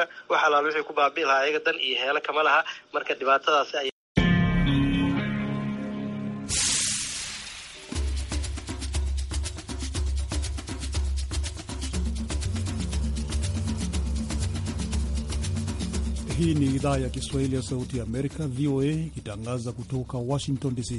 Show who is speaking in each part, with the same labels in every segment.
Speaker 1: wax alaal wixii ku baabi'i lahaa ayaga dan iyo heele kama laha marka dhibaatadaasi ay
Speaker 2: Hii ni idhaa ya Kiswahili ya Sauti ya Amerika, VOA, ikitangaza kutoka Washington DC.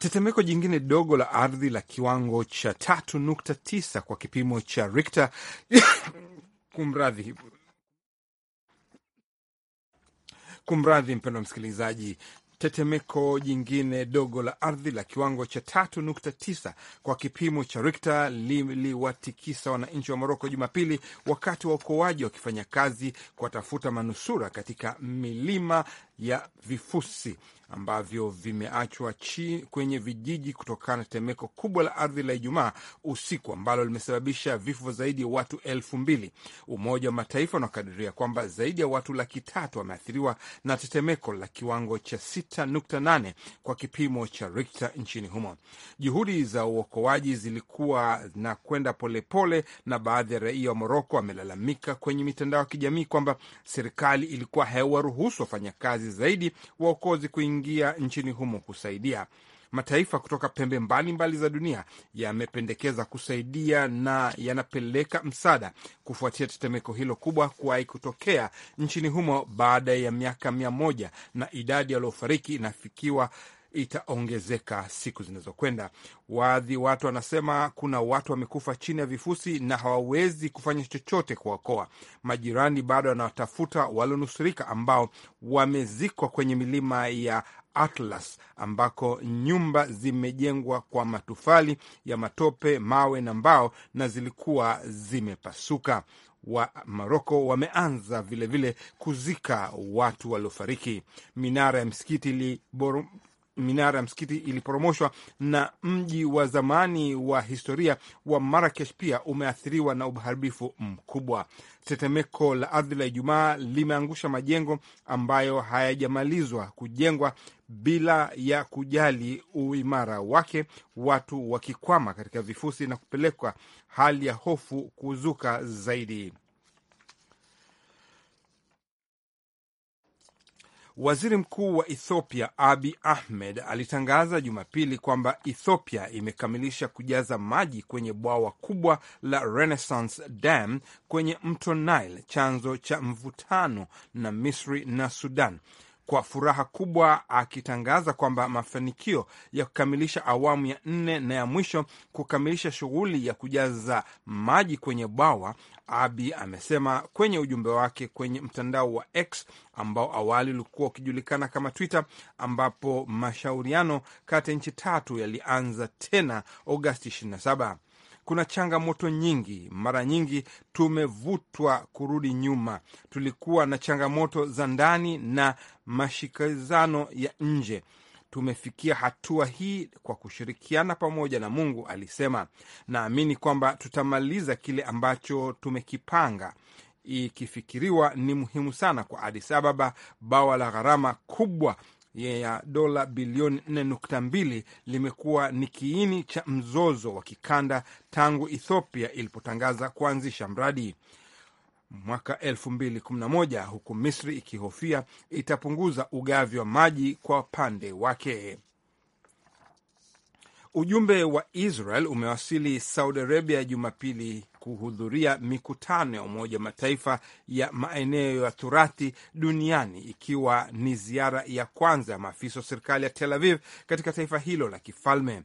Speaker 3: Tetemeko jingine dogo la ardhi la kiwango cha tatu nukta tisa kwa kipimo cha Richter kumradhi kumradhi, mpendwa msikilizaji, tetemeko jingine dogo la ardhi la kiwango cha tatu nukta tisa kwa kipimo cha Richter liliwatikisa wananchi wa Moroko Jumapili wakati wa ukoaji wakifanya kazi kuwatafuta manusura katika milima ya vifusi ambavyo vimeachwa kwenye vijiji kutokana na tetemeko kubwa la ardhi la Ijumaa usiku ambalo limesababisha vifo zaidi ya watu elfu mbili. Umoja wa Mataifa unakadiria kwamba zaidi ya watu laki tatu wameathiriwa na tetemeko la kiwango cha 6.8 kwa kipimo cha Richter nchini humo. Juhudi za uokoaji zilikuwa na kwenda polepole, na baadhi ya raia wa Moroko wamelalamika kwenye mitandao ya kijamii kwamba serikali ilikuwa haiwaruhusu wafanyakazi wakimbizi zaidi, waokozi kuingia nchini humo kusaidia. Mataifa kutoka pembe mbalimbali mbali za dunia yamependekeza kusaidia na yanapeleka msaada kufuatia tetemeko hilo kubwa kuwahi kutokea nchini humo baada ya miaka mia moja na idadi yaliofariki inafikiwa itaongezeka siku zinazokwenda. waadhi watu wanasema kuna watu wamekufa chini ya vifusi na hawawezi kufanya chochote kuwaokoa. Majirani bado wanawatafuta walionusurika ambao wamezikwa kwenye milima ya Atlas ambako nyumba zimejengwa kwa matofali ya matope, mawe na mbao na zilikuwa zimepasuka. Wa Maroko wameanza vilevile kuzika watu waliofariki. Minara ya msikiti minara ya msikiti iliporomoshwa na mji wa zamani wa historia wa Marakesh pia umeathiriwa na uharibifu mkubwa. Tetemeko la ardhi la Ijumaa limeangusha majengo ambayo hayajamalizwa kujengwa bila ya kujali uimara wake, watu wakikwama katika vifusi na kupelekwa hali ya hofu kuzuka zaidi. Waziri Mkuu wa Ethiopia Abi Ahmed alitangaza Jumapili kwamba Ethiopia imekamilisha kujaza maji kwenye bwawa kubwa la Renaissance Dam kwenye mto Nile, chanzo cha mvutano na Misri na Sudan kwa furaha kubwa akitangaza kwamba mafanikio ya kukamilisha awamu ya nne na ya mwisho kukamilisha shughuli ya kujaza maji kwenye bwawa. Abi amesema kwenye ujumbe wake kwenye mtandao wa X ambao awali ulikuwa ukijulikana kama Twitter, ambapo mashauriano kati ya nchi tatu yalianza tena Agosti 27 kuna changamoto nyingi. Mara nyingi tumevutwa kurudi nyuma. Tulikuwa na changamoto za ndani na mashikizano ya nje. Tumefikia hatua hii kwa kushirikiana pamoja na Mungu, alisema. Naamini kwamba tutamaliza kile ambacho tumekipanga. Ikifikiriwa ni muhimu sana kwa Addis Ababa, bawa la gharama kubwa ya dola bilioni 4.2 limekuwa ni kiini cha mzozo wa kikanda tangu Ethiopia ilipotangaza kuanzisha mradi mwaka 2011 huku Misri ikihofia itapunguza ugavi wa maji kwa upande wake. Ujumbe wa Israel umewasili Saudi Arabia Jumapili kuhudhuria mikutano ya Umoja wa Mataifa ya maeneo ya turathi duniani ikiwa ni ziara ya kwanza ya maafisa wa serikali ya Tel Aviv katika taifa hilo la kifalme.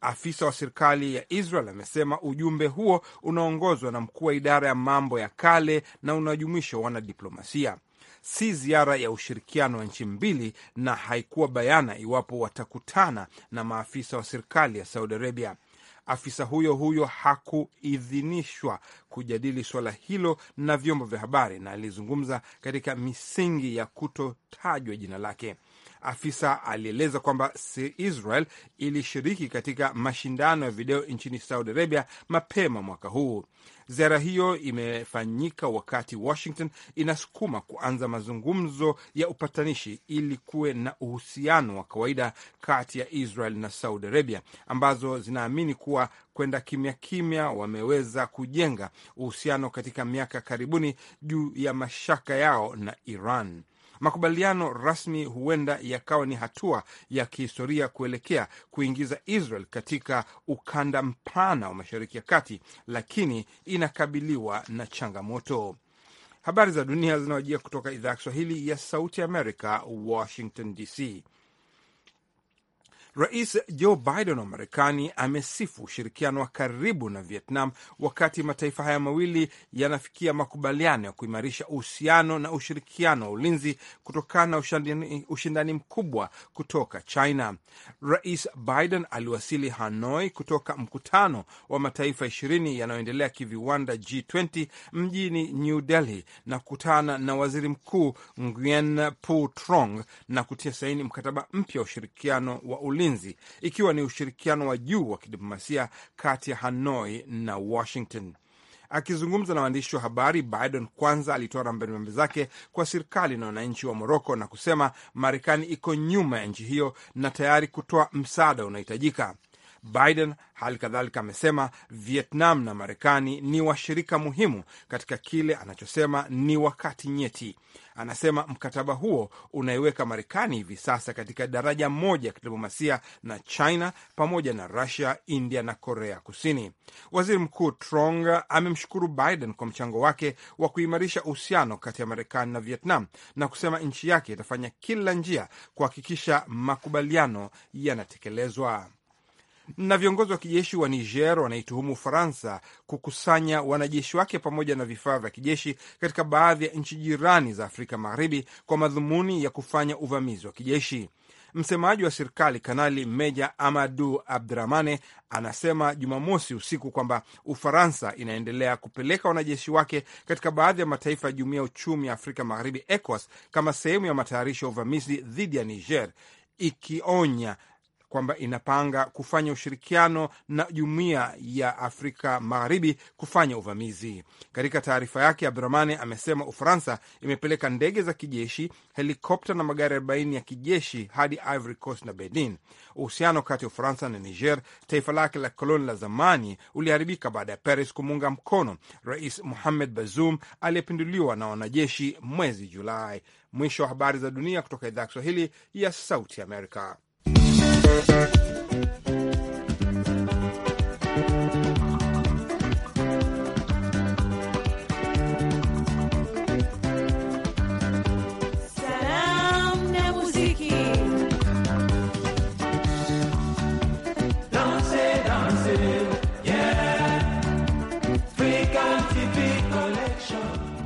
Speaker 3: Afisa wa serikali ya Israel amesema ujumbe huo unaongozwa na mkuu wa idara ya mambo ya kale na unajumuisha wanadiplomasia si ziara ya ushirikiano wa nchi mbili, na haikuwa bayana iwapo watakutana na maafisa wa serikali ya Saudi Arabia. Afisa huyo huyo hakuidhinishwa kujadili suala hilo na vyombo vya habari, na alizungumza katika misingi ya kutotajwa jina lake. Afisa alieleza kwamba Israel ilishiriki katika mashindano ya video nchini Saudi Arabia mapema mwaka huu. Ziara hiyo imefanyika wakati Washington inasukuma kuanza mazungumzo ya upatanishi ili kuwe na uhusiano wa kawaida kati ya Israel na Saudi Arabia, ambazo zinaamini kuwa kwenda kimya kimya wameweza kujenga uhusiano katika miaka karibuni juu ya mashaka yao na Iran. Makubaliano rasmi huenda yakawa ni hatua ya kihistoria kuelekea kuingiza Israel katika ukanda mpana wa Mashariki ya Kati, lakini inakabiliwa na changamoto. Habari za dunia zinawajia kutoka idhaa ya Kiswahili ya Sauti Amerika, Washington DC. Rais Joe Biden wa Marekani amesifu ushirikiano wa karibu na Vietnam wakati mataifa haya mawili yanafikia makubaliano ya kuimarisha uhusiano na ushirikiano wa ulinzi kutokana na ushindani, ushindani mkubwa kutoka China. Rais Biden aliwasili Hanoi kutoka mkutano wa mataifa ishirini yanayoendelea kiviwanda G20 mjini New Delhi na kukutana na waziri mkuu Nguyen Phu Trong na kutia saini mkataba mpya wa ushirikiano wa ulinzi ulinzi, ikiwa ni ushirikiano wa juu wa kidiplomasia kati ya Hanoi na Washington. Akizungumza na waandishi wa habari, Biden kwanza alitoa rambirambi zake kwa serikali na wananchi wa Moroko na kusema Marekani iko nyuma ya nchi hiyo na tayari kutoa msaada unahitajika. Biden hali kadhalika amesema Vietnam na Marekani ni washirika muhimu katika kile anachosema ni wakati nyeti. Anasema mkataba huo unaiweka Marekani hivi sasa katika daraja moja ya kidiplomasia na China pamoja na Rusia, India na Korea Kusini. Waziri Mkuu Trong amemshukuru Biden kwa mchango wake wa kuimarisha uhusiano kati ya Marekani na Vietnam na kusema nchi yake itafanya kila njia kuhakikisha makubaliano yanatekelezwa. Na viongozi wa kijeshi wa Niger wanaituhumu Ufaransa kukusanya wanajeshi wake pamoja na vifaa vya kijeshi katika baadhi ya nchi jirani za Afrika Magharibi kwa madhumuni ya kufanya uvamizi wa kijeshi. Msemaji wa serikali Kanali Meja Amadu Abdurahmane anasema Jumamosi usiku kwamba Ufaransa inaendelea kupeleka wanajeshi wake katika baadhi ya mataifa ya Jumuiya ya Uchumi ya Afrika Magharibi, ECOWAS, kama sehemu ya matayarisho ya uvamizi dhidi ya Niger, ikionya kwamba inapanga kufanya ushirikiano na jumuiya ya Afrika Magharibi kufanya uvamizi. Katika taarifa yake, Abdurahmani amesema Ufaransa imepeleka ndege za kijeshi, helikopta na magari 40 ya kijeshi hadi Ivory Coast na Benin. Uhusiano kati ya Ufaransa na Niger, taifa lake la koloni la zamani, uliharibika baada ya Paris kumuunga mkono Rais Mohamed Bazoum aliyepinduliwa na wanajeshi mwezi Julai. Mwisho wa habari za dunia kutoka idhaa ya Kiswahili ya Sauti Amerika.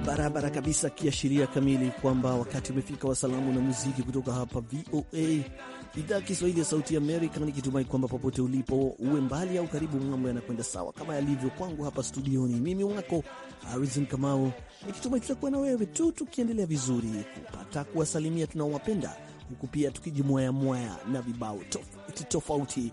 Speaker 1: Barabara kabisa, kiashiria kamili kwamba wakati umefika wa salamu na muziki kutoka hapa VOA idhaa Kiswahili ya Sauti Amerika, nikitumai kwamba popote ulipo, uwe mbali au karibu, mambo yanakwenda sawa kama yalivyo kwangu hapa studioni. Mimi wako Harrison Kamau, nikitumai tutakuwa na wewe tu tukiendelea vizuri kupata kuwasalimia tunaowapenda, huku pia tukijimwaya mwaya na vibao tofauti tofauti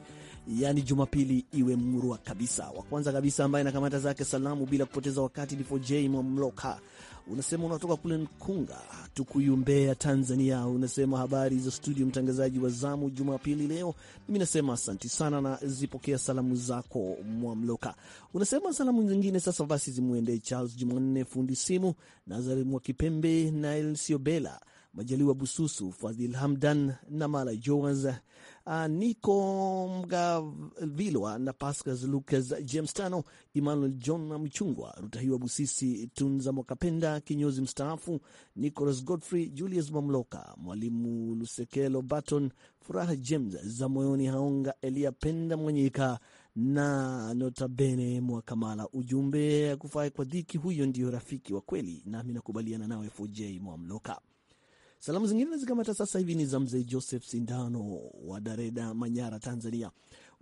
Speaker 1: yani Jumapili iwe murwa kabisa. Wa kwanza kabisa ambaye anakamata zake salamu bila kupoteza wakati ni Fojei Mamloka unasema unatoka kule Nkunga, Tukuyumbea, Tanzania. Unasema habari za studio, mtangazaji wa zamu Jumapili leo. Mimi nasema asanti sana na zipokea salamu zako Mwamloka. Unasema salamu zingine sasa basi zimwendee Charles Jumanne, fundi simu, Nazari Mwakipembe na Elsiobela Majaliwa Bususu, Fadhil Hamdan na Mala Joas, uh, ah, Nico Mgavilwa na Pascas Lucas, James Tano, Emmanuel John na Mchungwa Rutahiwa Busisi, Tunza Mwakapenda kinyozi mstaafu, Nicolas Godfrey, Julius Mamloka, Mwalimu Lusekelo Baton, Furaha James za moyoni, Haonga Elia Penda Mwanyika na Bene Mwakamala. Ujumbe kufaa kwa dhiki, huyo ndiyo rafiki wa kweli, nami nakubaliana nawe FJ Mwamloka. Salamu zingine nazikamata sasa hivi ni za mzee Joseph Sindano wa Dareda, Manyara, Tanzania.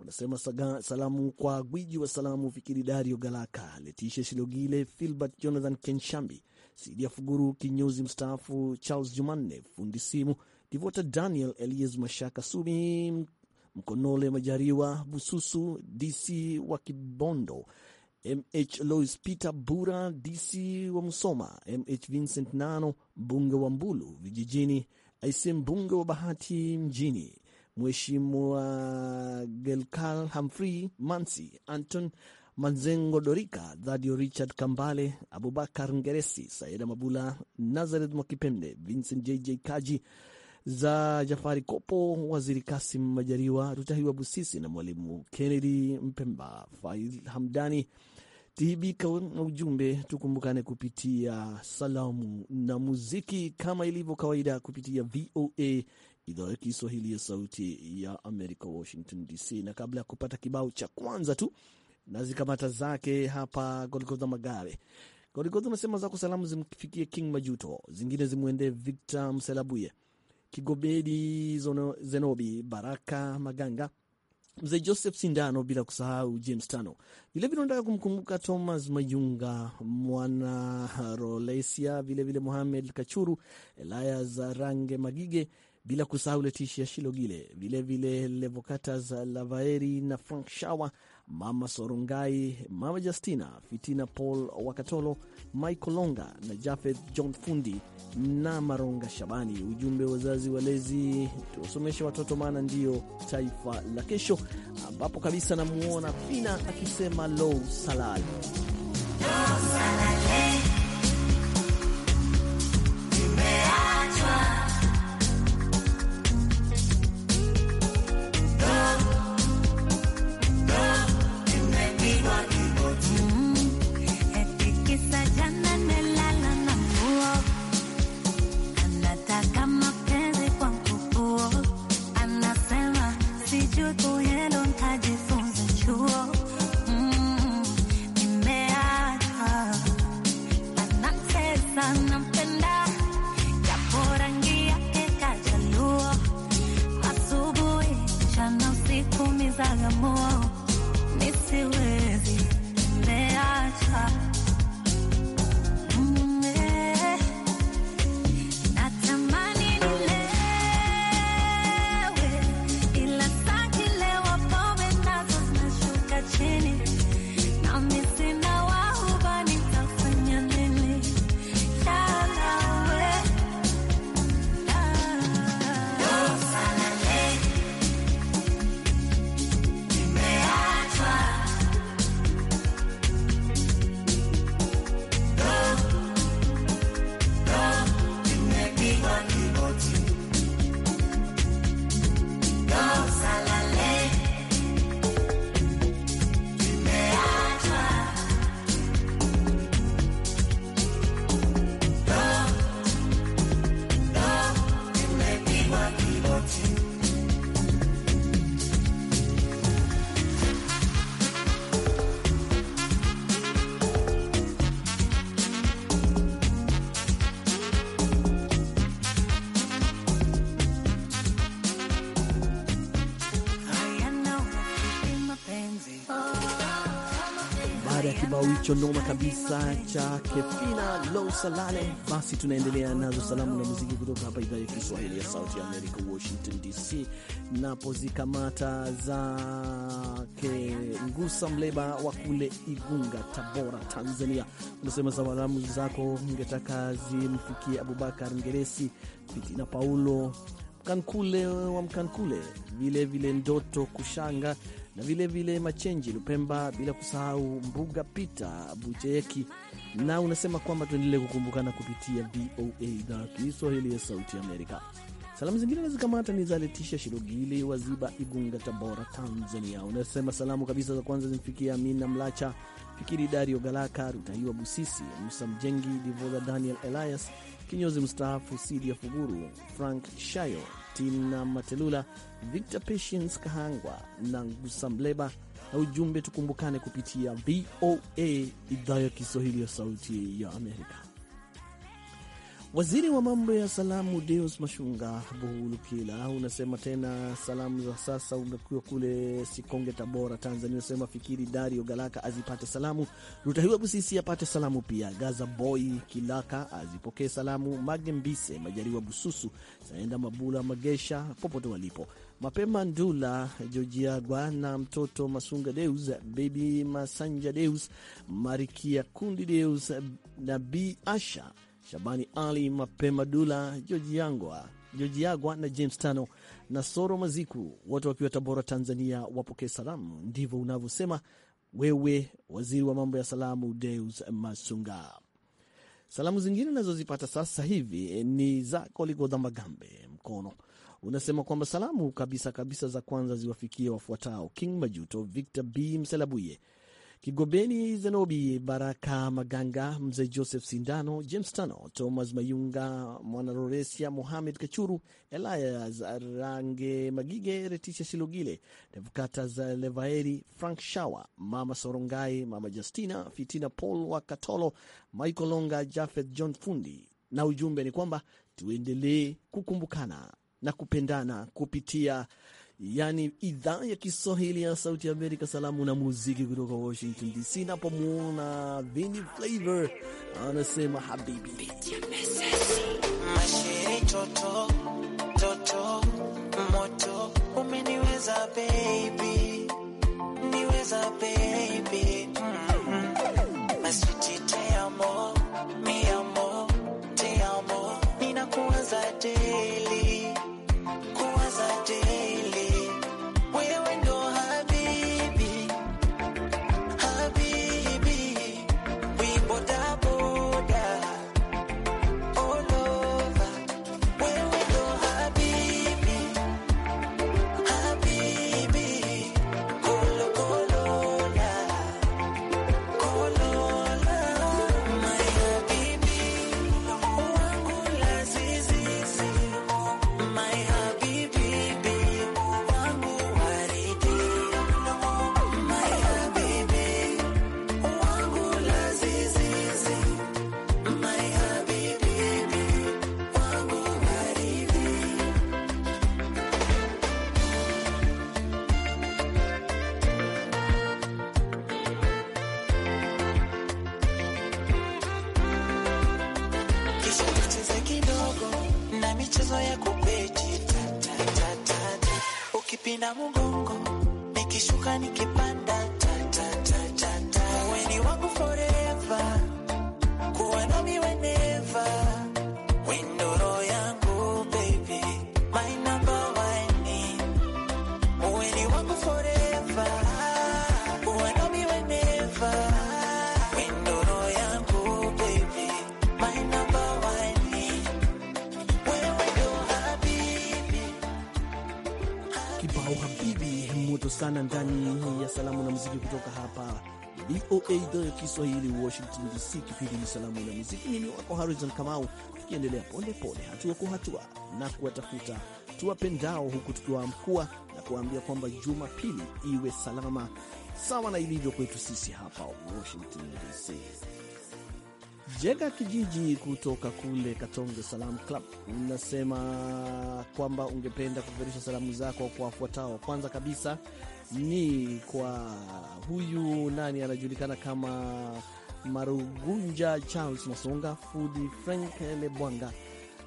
Speaker 1: Unasema saga, salamu kwa gwiji wa salamu Fikiri Dario Galaka, Letisha Shilogile, Filbert Jonathan Kenshambi, Sidia Fuguru kinyozi mstaafu, Charles Jumanne fundi simu, Divota Daniel Elias Mashaka Sumi, Mkonole Majariwa Bususu DC wa Kibondo MH Lois Peter Bura, DC wa Musoma, MH Vincent Nano, mbunge wa Mbulu vijijini, Aise mbunge wa Bahati mjini, Mheshimiwa Gelkal Humphrey Mansi, Anton Manzengo, Dorika Dhadio, Richard Kambale, Abubakar Ngeresi, Saida Mabula, Nazareth Mwakipembe, Vincent JJ Kaji za Jafari Kopo, Waziri Kasim majariwa Rutahiwa Busisi na Mwalimu Kennedy Mpemba, Fail Hamdani tihibika ujumbe, tukumbukane kupitia salamu na muziki kama ilivyo kawaida kupitia VOA idhaa ya Kiswahili ya Sauti ya Amerika, Washington DC. Na kabla ya kupata kibao cha kwanza tu na zikamata zake hapa Goligodha Magare. Goligodha unasema zako salamu zimfikie King Majuto, zingine zimwendee Victor Mselabuye, Kigobedi Zenobi, Baraka Maganga, mzee Joseph Sindano, bila kusahau James Tano. Vilevile unataka kumkumbuka Thomas Mayunga, Mwana Rolesia, vilevile Muhamed Kachuru, Elaya za Range Magige, bila kusahau Letishia Shilogile, vilevile Levokatas Lavaeri na Frank Shawa Mama Sorungai, Mama Justina Fitina, Paul Wakatolo, Michael Longa na Jafeth John Fundi na Maronga Shabani. Ujumbe, wazazi walezi, tuwasomeshe watoto, maana ndiyo taifa la kesho, ambapo kabisa namuona Fina akisema low salali,
Speaker 4: low salali.
Speaker 1: baada ya kibao hicho noma kabisa cha Kefina Lo Salale, basi tunaendelea nazo salamu na muziki kutoka hapa idhaa ya Kiswahili ya Sauti ya Amerika, Washington DC. Napozikamata za kengusa Mleba wa kule Igunga, Tabora, Tanzania, unasema salamu zako ngetaka zimfikie Abubakar Ngeresi, Pitina Paulo Mkankule wa Mkankule, vilevile vile Ndoto Kushanga na vilevile vile Machenji Lupemba, bila kusahau Mbuga Pita Bucheyeki, na unasema kwamba tuendelee kukumbukana kupitia VOA idhaa ya Kiswahili ya Sauti Amerika. Salamu zingine nazikamata ni za Letisha Shirogili Waziba, Igunga, Tabora, Tanzania. Unasema salamu kabisa za kwanza zimfikia Amina Mlacha, Fikiri Dario Galaka, Rutahiwa Busisi, Musa Mjengi, Divola Daniel Elias kinyozi mstaafu Sidia Fuguru, Frank Shayo, Tina Matelula, Victor Patience Kahangwa na Ngusamleba, na ujumbe tukumbukane kupitia VOA idhaa ya Kiswahili ya Sauti ya Amerika. Waziri wa mambo ya salamu Deus Mashunga Buhulukila unasema tena salamu za sasa umekuwa kule Sikonge, Tabora, Tanzania. Unasema fikiri Dario Galaka azipate salamu, Rutahiwa Busisi apate salamu pia, Gaza Boy Kilaka azipokee salamu, Mage Mbise Majaliwa Bususu Saenda Mabula Magesha popote walipo, Mapema Ndula Jojiagwa na mtoto Masunga Deus, Bebi Masanja Deus, Marikia Kundi Deus na B Asha Shabani Ali, Mapema Dula, Yagwa na James Tano na Soro Maziku, wote wakiwa Tabora, Tanzania, wapokee salamu. Ndivyo unavyosema wewe, waziri wa mambo ya salamu Deus Masunga. Salamu zingine nazozipata sasa hivi ni za koligodha Magambe Mkono. Unasema kwamba salamu kabisa kabisa za kwanza ziwafikie wafuatao: King Majuto, Victor B Mselabuye, Kigobeni, Zenobi Baraka Maganga, Mzee Joseph Sindano, James Tano, Thomas Mayunga, Mwanaroresia Mohamed Kachuru, Elias Range Magige, Retisha Silogile, revukata za Levaeri, Frank Shawa, Mama Sorongai, Mama Justina Fitina, Paul wa Katolo, Michael Longa, Jafeth John Fundi. Na ujumbe ni kwamba tuendelee kukumbukana na kupendana kupitia yani idhaa ya Kiswahili ya Sauti Amerika, salamu na muziki kutoka Washington DC. Napomwona Vini Flavor anasema habibi
Speaker 4: mashiri toto toto moto umeniweza baby niweza baby mawazo ya kupeji ukipinda mgongo nikishuka nikipanda
Speaker 1: sana ndani ya salamu na muziki kutoka hapa VOA idhaa ya Kiswahili, Washington DC. Kipindi ni salamu na muziki, mimi wako Harrison Kamau, tukiendelea polepole, hatua kwa hatua na kuwatafuta tuwapendao, huku tukiwaamkua na kuwaambia kwamba Jumapili iwe salama sawa na ilivyo kwetu sisi hapa Washington DC. Jega Kijiji kutoka kule Katonge Salam Club unasema kwamba ungependa kupeperusha salamu zako kwa wafuatao. Kwanza kabisa ni kwa huyu nani anajulikana kama Marugunja Charles Masonga, Fudi Frank Lebwanga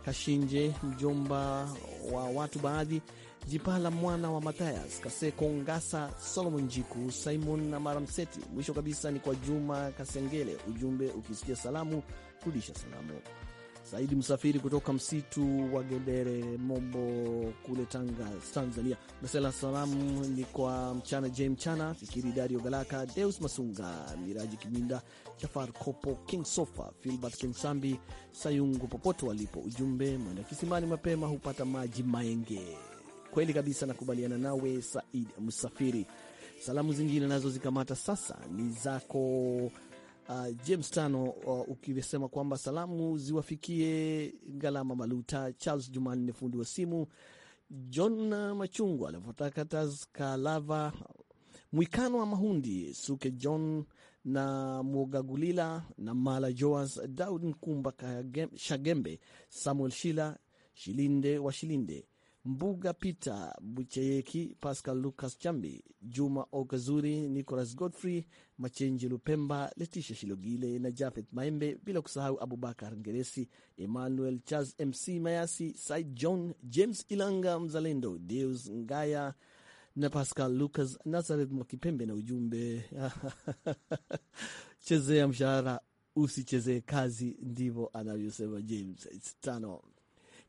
Speaker 1: Kashinje, mjomba wa watu baadhi Jipala mwana wa Matayas Kaseko Ngasa, Solomon Jiku Simon na Maramseti. Mwisho kabisa ni kwa Juma Kasengele, ujumbe ukisikia salamu rudisha salamu. Saidi Msafiri kutoka msitu wa Gendere Mombo kule Tanga, Tanzania, nasela salamu ni kwa Mchana J Mchana, Fikiri Dario Galaka, Deus Masunga, Miraji Kibinda, Jafar Kopo, King Sofa, Filbert Kinsambi, Sayungu popote walipo. Ujumbe, mwenda kisimani mapema hupata maji maenge. Kweli kabisa, nakubaliana nawe Said Msafiri. Salamu zingine nazo zikamata sasa ni zako uh, James Tano uh, ukisema kwamba salamu ziwafikie Galama Maluta, Charles Jumanne fundi wa simu, John Machungwa, Levotatas Kalava, Mwikano wa Mahundi, Suke John na Mwogagulila na Mala Joas, Daud Nkumba Shagembe, Samuel Shila Shilinde wa Shilinde Mbuga Peter Bucheyeki, Pascal Lucas Chambi, Juma Okazuri, Nicholas Godfrey Machenji Lupemba, Letisha Shilogile na Jafeth Maembe, bila kusahau Abubakar Ngeresi, Emmanuel Charles, Mc Mayasi, Said John, James Ilanga Mzalendo, Deus Ngaya na Pascal Lucas Nazareth Mwakipembe na ujumbe chezea mshahara usichezee kazi, ndivyo anavyosema James tano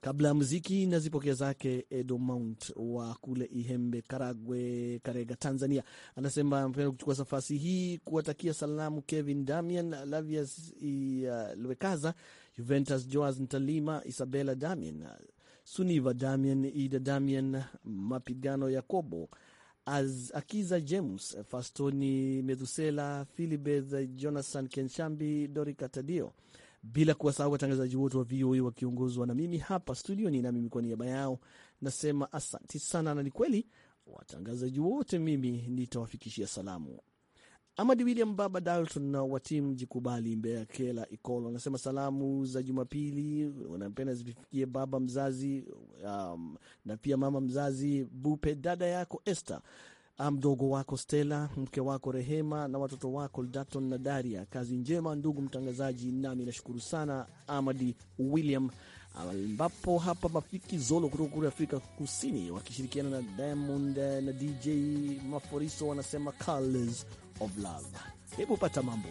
Speaker 1: Kabla ya muziki na zipokea zake Edo Mount wa kule Ihembe, Karagwe, Karega, Tanzania, anasema anapenda kuchukua nafasi hii kuwatakia salamu Kevin Damian, Lavius uh, Lwekaza, Juventus Joas Ntalima, Isabella Damian, Suniva Damian, Ida Damian, Mapigano Yakobo, Az Akiza James, Fastoni Methusela, Philibeth Jonathan Kenshambi, Dorika Tadio bila kuwasahau watangazaji wote wa VOA wakiongozwa na mimi hapa studioni, na mimi kwa niaba yao nasema asanti sana, na ni kweli watangazaji wote mimi nitawafikishia salamu. Amadi William Baba Dalton na wa timu Jikubali Mbea Kela Ikolo anasema salamu za Jumapili wanampenda zifikie baba mzazi, um, na pia mama mzazi Bupe, dada yako Esther Ah, mdogo wako Stella, mke wako Rehema na watoto wako Daton na Daria. Kazi njema ndugu mtangazaji, nami nashukuru sana Amadi William, ambapo hapa Mafiki Zolo kutoka kule Afrika Kusini wakishirikiana na Diamond na DJ Maforiso wanasema Colors of Love. Hebu pata mambo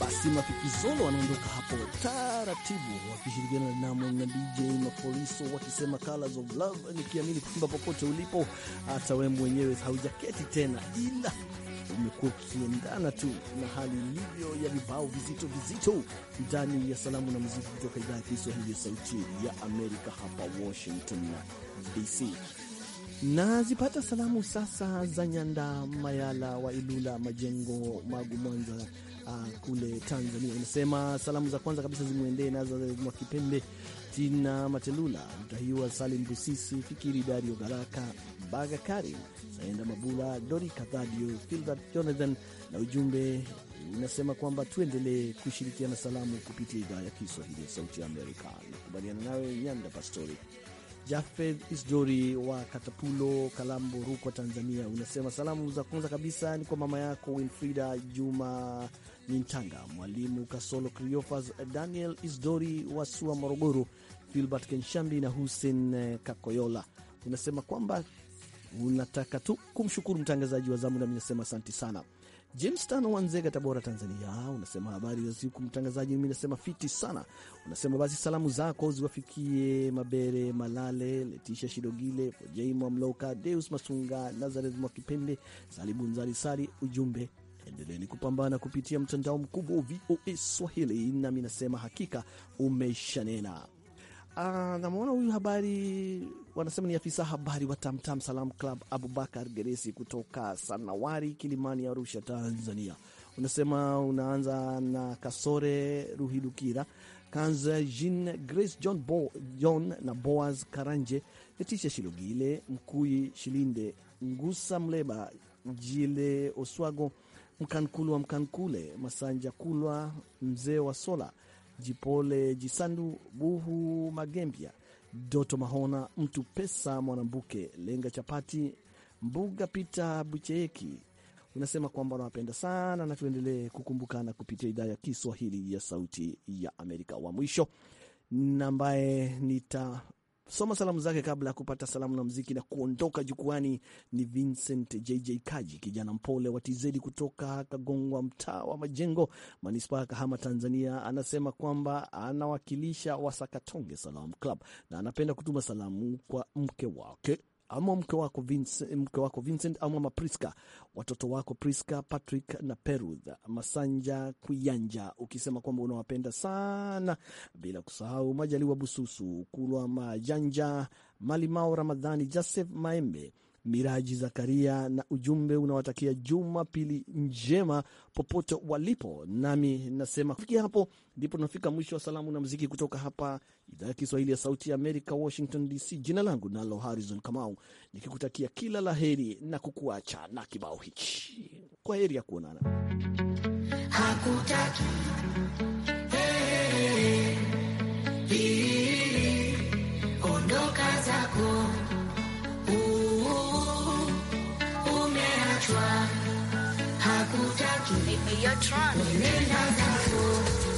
Speaker 1: Basi Mafikizolo wanaondoka hapo taratibu, wakishirikiana na Diamond na DJ Mapoliso wakisema Colors of Love, nikiamini kwamba popote ulipo, hata wewe mwenyewe haujaketi tena, ila umekuwa ukiendana tu na hali ilivyo ya vibao vizito vizito ndani ya salamu na muziki kutoka idhaa ya Kiswahili ya Sauti ya Amerika hapa Washington DC na zipata salamu sasa za Nyanda Mayala wa Ilula Majengo Magu Mwanza uh, kule Tanzania. Anasema salamu za kwanza kabisa zimwendee Nazareth kipembe Tina Matelula, Mtahiwa Salim Busisi, Fikiri Dario, Baraka Baga, Karim Saenda Mabula, Dori Kadhadio, Filbert Jonathan, na ujumbe unasema kwamba tuendelee kushirikiana salamu kupitia idhaa ya Kiswahili ya Sauti ya Amerika. Nakubaliana nawe Nyanda Pastori. Jafeth Isdori wa Katapulo, Kalambo, Rukwa, Tanzania, unasema salamu za kwanza kabisa ni kwa mama yako Winfrida Juma Nintanga, Mwalimu Kasolo, Criofas Daniel Isdori wa Sua, Morogoro, Filbert Kenshambi na Hussein eh, Kakoyola. Unasema kwamba unataka tu kumshukuru mtangazaji wa zamu, nami nasema asanti sana. James Tano Wanzega, Tabora, Tanzania, unasema habari za siku mtangazaji, mimi nasema fiti sana. Unasema basi salamu zako ziwafikie Mabere Malale, Letisha Shidogile, Fojei Mwamloka, Deus Masunga, Nazareth Mwakipembe, Salibunzari Sari. Ujumbe, endeleni kupambana kupitia mtandao mkubwa VOA Swahili, nami nasema hakika umeshanena. Ah, namwona huyu habari wanasema ni afisa habari wa Tamtam Salam Club, Abubakar Geresi kutoka Sanawari, Kilimani, Arusha, Tanzania. Unasema unaanza na Kasore ruhidukira Kanza Jean, Grace John, Bo, John na Boaz Karanje, Letisha Shilugile, mkui Shilinde, Ngusa Mleba, Jile Oswago, Mkankulwa Mkankule, Masanja Kulwa, Mzee wa Sola Jipole Jisandu, Buhu Magembya, Doto Mahona, Mtu Pesa Mwanambuke, Lenga Chapati, Mbuga Pita Bucheeki. Unasema kwamba unawapenda sana na tuendelee kukumbukana kupitia idhaa ya Kiswahili ya Sauti ya Amerika. Wa mwisho na ambaye nita Soma salamu zake kabla ya kupata salamu na mziki na kuondoka jukwani. Ni Vincent JJ Kaji, kijana mpole wa TZ kutoka Kagongwa, mtaa wa Majengo, manispaa ya Kahama, Tanzania. Anasema kwamba anawakilisha Wasakatonge Salam Club na anapenda kutuma salamu kwa mke wake ama mke wako Vincent, mke wako Vincent ama Mapriska, watoto wako Priska, Patrick na Peruth Masanja Kuyanja, ukisema kwamba unawapenda sana, bila kusahau Majaliwa Bususu, Kulwa Majanja, Malimao Ramadhani, Joseph Maembe Miraji Zakaria na ujumbe unawatakia Jumapili njema popote walipo. Nami nasema kufikia hapo ndipo tunafika mwisho wa salamu na muziki kutoka hapa idhaa ya Kiswahili ya Sauti ya Amerika, Washington DC. Jina langu nalo Harrison Kamau, nikikutakia kila la heri na kukuacha na kibao hichi. Kwa heri ya kuonana.
Speaker 4: Hakutaki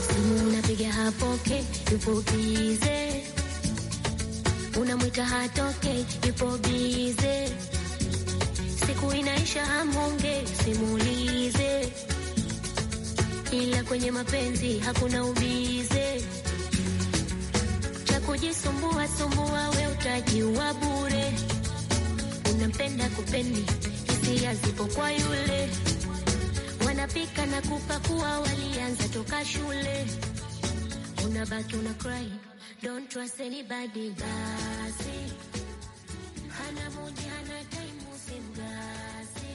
Speaker 4: simu unapiga hapoke, yupo bize, unamwita hatoke, yupo bize, siku inaisha hamhonge, simulize, ila kwenye mapenzi hakuna ubize cha kujisumbua sumbua, we utajiwa bure, unampenda kupendi hisia zipo kwa yule unapika na kupakua, walianza toka shule, unabaki una cry, don't trust anybody. Basi hana muji, hana time, usimgasi,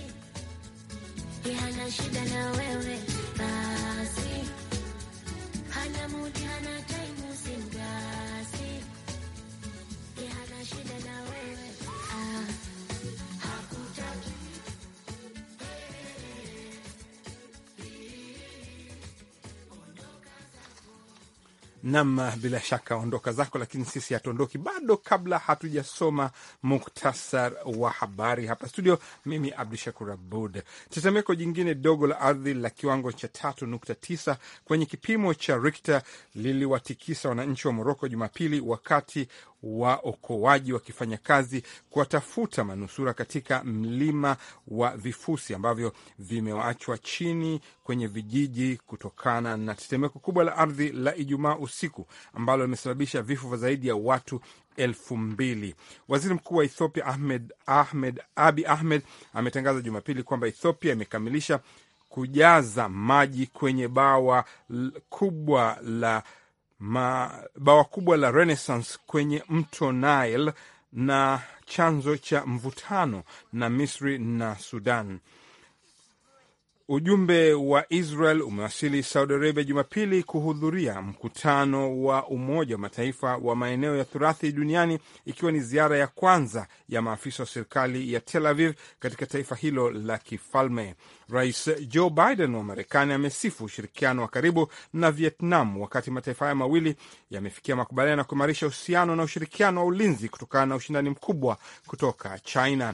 Speaker 4: hana shida na wewe, basi hana muji, hana time
Speaker 3: Nam, bila shaka ondoka zako, lakini sisi hatuondoki bado, kabla hatujasoma muktasar wa habari hapa studio. Mimi Abdu Shakur Abud. Tetemeko jingine dogo la ardhi la kiwango cha tatu nukta tisa kwenye kipimo cha Richter liliwatikisa wananchi wa Moroko Jumapili wakati waokoaji wakifanya kazi kuwatafuta manusura katika mlima wa vifusi ambavyo vimeachwa chini kwenye vijiji kutokana na tetemeko kubwa la ardhi la Ijumaa usiku ambalo limesababisha vifo vya zaidi ya watu elfu mbili. Waziri Mkuu wa Ethiopia Ahmed, Ahmed, Abi Ahmed ametangaza Jumapili kwamba Ethiopia imekamilisha kujaza maji kwenye bawa kubwa la bawa kubwa la Renaissance kwenye mto Nile na chanzo cha mvutano na Misri na Sudan. Ujumbe wa Israel umewasili Saudi Arabia Jumapili kuhudhuria mkutano wa Umoja wa Mataifa wa maeneo ya thurathi duniani, ikiwa ni ziara ya kwanza ya maafisa wa serikali ya Tel Aviv katika taifa hilo la kifalme. Rais Joe Biden wa Marekani amesifu ushirikiano wa karibu na Vietnam wakati mataifa hayo mawili yamefikia makubaliano ya kuimarisha uhusiano na ushirikiano wa ulinzi kutokana na ushindani mkubwa kutoka China.